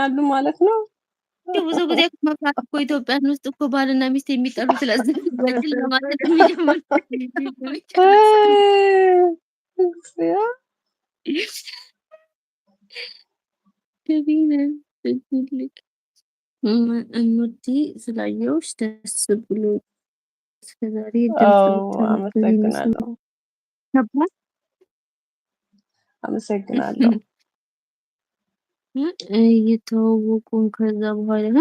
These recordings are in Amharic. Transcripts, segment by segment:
ያሉ ማለት ነው። ብዙ ጊዜ መብራት እኮ ኢትዮጵያን ውስጥ እኮ ባልና ሚስት የሚጠሉት ለዚህ ለማለት የሚጀምር እንዲ ስላየሁሽ ደስ ብሎ እስከዛሬ አመሰግናለሁ። አመሰግናለሁ። እየተዋወቁም ከዛ በኋላ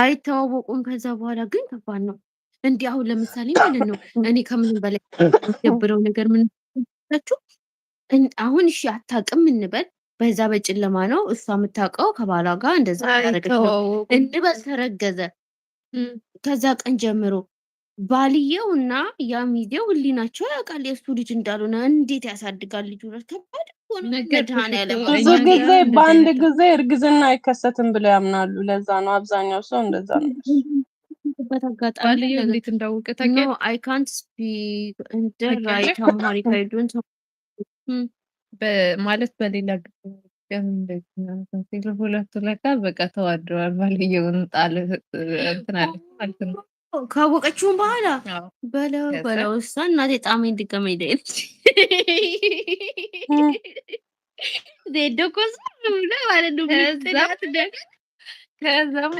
አይተዋወቁም። ከዛ በኋላ ግን ከባድ ነው። እንዲህ አሁን ለምሳሌ ማለት ነው እኔ ከምንም በላይ የሚደብረው ነገር ምን ችሁ አሁን እሺ አታውቅም እንበል፣ በዛ በጨለማ ነው እሷ የምታውቀው ከባሏ ጋር እንደዛ እንበል ተረገዘ። ከዛ ቀን ጀምሮ ባልየው እና ያ ሚዜው ህሊናቸው ያውቃል የእሱ ልጅ እንዳልሆነ። እንዴት ያሳድጋል ልጁ? ከባድ ብዙ ጊዜ በአንድ ጊዜ እርግዝና አይከሰትም ብለው ያምናሉ። ለዛ ነው አብዛኛው ሰው እንደዛ ነው። ማለት በሌላ ሁለቱ ለካ በቃ ተዋድረዋል። ባልየውን ጣል እንትን ማለት ነው። ካወቀችውን በኋላ በለው በለው እሷ እናቴ ጣሜ ይደል ሄደ እኮ ማለት ነው።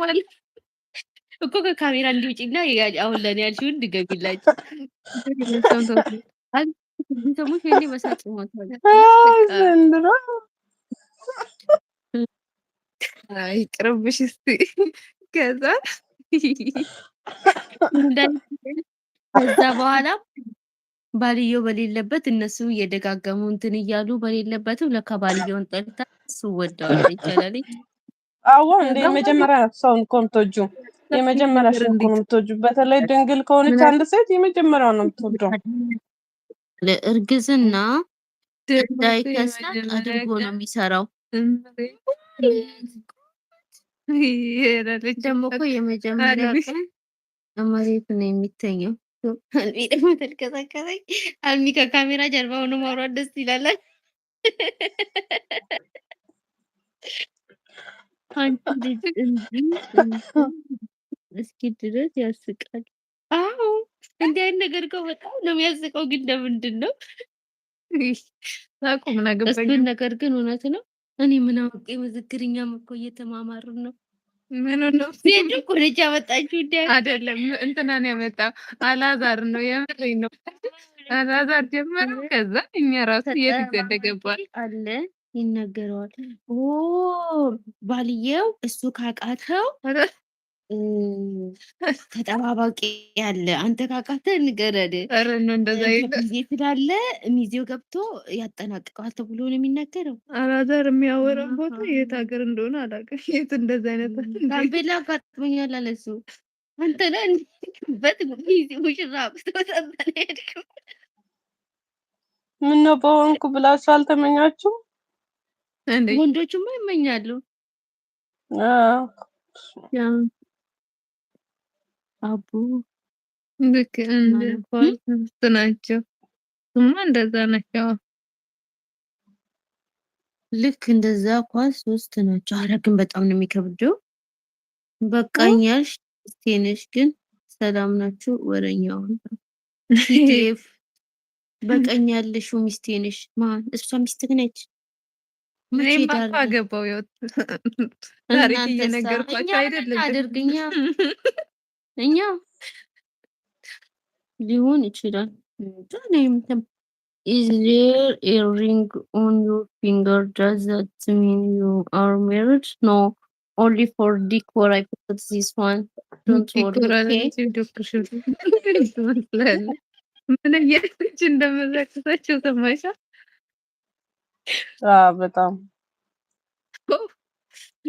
ማለት እኮ ከካሜራ እንዲውጭና አሁን ለኔ ያልሽውን ድገሚላችሁ ሰሙሽ ይቅርብሽ ከዛ ከዛ በኋላ ባልየው በሌለበት እነሱ እየደጋገሙ እንትን እያሉ በሌለበትም ለካ ባልየውን ጠልታ እሱ ወደዋል ይቻላል። አዎ እንደ የመጀመሪያ ሰውን እኮ የምትወጂው የመጀመሪያ ሰውን እኮ ነው የምትወጂው። በተለይ ድንግል ከሆነች አንድ ሴት የመጀመሪያው ነው ለእርግዝና እርግዝና ከስናት አድርጎ ነው የሚሰራው። ደግሞ እኮ የመጀመሪያ ቀን መሬት ነው የሚተኘው። አልሚ ደግሞ አልሚ ከካሜራ ጀርባ ሆኖ ማውራት ደስ ይላላል። አንቺ ልጅ እስኪ ድረስ ያስቃል። አዎ እንዲህ አይነት ነገር በጣም ነው የሚያስቀው። ግን ለምንድን ነው ነገር ግን እውነት ነው። እኔ ምን አውቄ፣ ምዝክርኛም እኮ እየተማማርን ነው ምን ነው ሲዱ ኮሌጅ አመጣችሁ ደ አይደለም፣ እንትናን ያመጣው አላዛር ነው። የምሬ ነው። አላዛር ጀመረ። ከዛ እኛ ራሱ የት ይደገባል አለ ይነገረዋል። ኦ ባልየው እሱ ካቃተው ተጠባባቂ ያለ አንተ ካቃተህ ንገረድ ጊዜ ስላለ ሚዜው ገብቶ ያጠናቅቀዋል ተብሎ ነው የሚናገረው። አላዛር የሚያወራው ቦታ የት ሀገር እንደሆነ አላውቅም። የት እንደዛ አይነት ጋምቤላ አጋጥሞኛል አለ እሱ። አንተ ነህ በት ሚዜ ሙሽራ ብስተወጣበነ ሄድክም ምነው በሆንኩ ብላችሁ አልተመኛችሁም? ወንዶቹማ ይመኛሉ። አቡ ልክ እንደ ኳስ ናቸው። እሱማ እንደዛ ናቸው። ልክ እንደዛ ኳስ ውስጥ ናቸው። አረ ግን በጣም ነው የሚከብደው። በቃኛሽ ስቴንሽ ግን ሰላም ናችሁ። ወረኛው ቲቲኤፍ በቀኝ ያለሽው ሚስቴ ነሽ። ማን እሷ ሚስትህ ነች? ምንም ባካ ገባው ታሪክ እየነገርኳቸው አይደለም አድርግኛ እኛ ሊሆን ይችላል። Is there a ring on your finger? Does that mean you are married? No, only for decor. I put this one. Don't worry. I a Ah, Okay.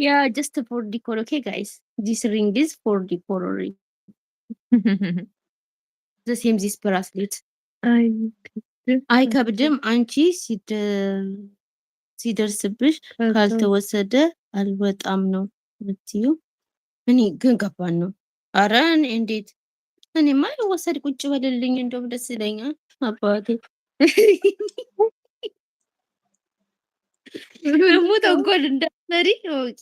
yeah, just for decor. Okay, guys, this ring is for decor ring. ዘሴም ዚስ ብራስሌት አይከብድም። አንቺ ሲደርስብሽ ካልተወሰደ አልወጣም ነው ምትዩ። እኔ ግን ገባን ነው። አረ እኔ እንዴት እኔማ ልወሰድ ቁጭ በልልኝ፣ እንደውም ደስ ይለኛል አባቴ ደግሞ ተንኮል እንዳትሰሪ እወቂ።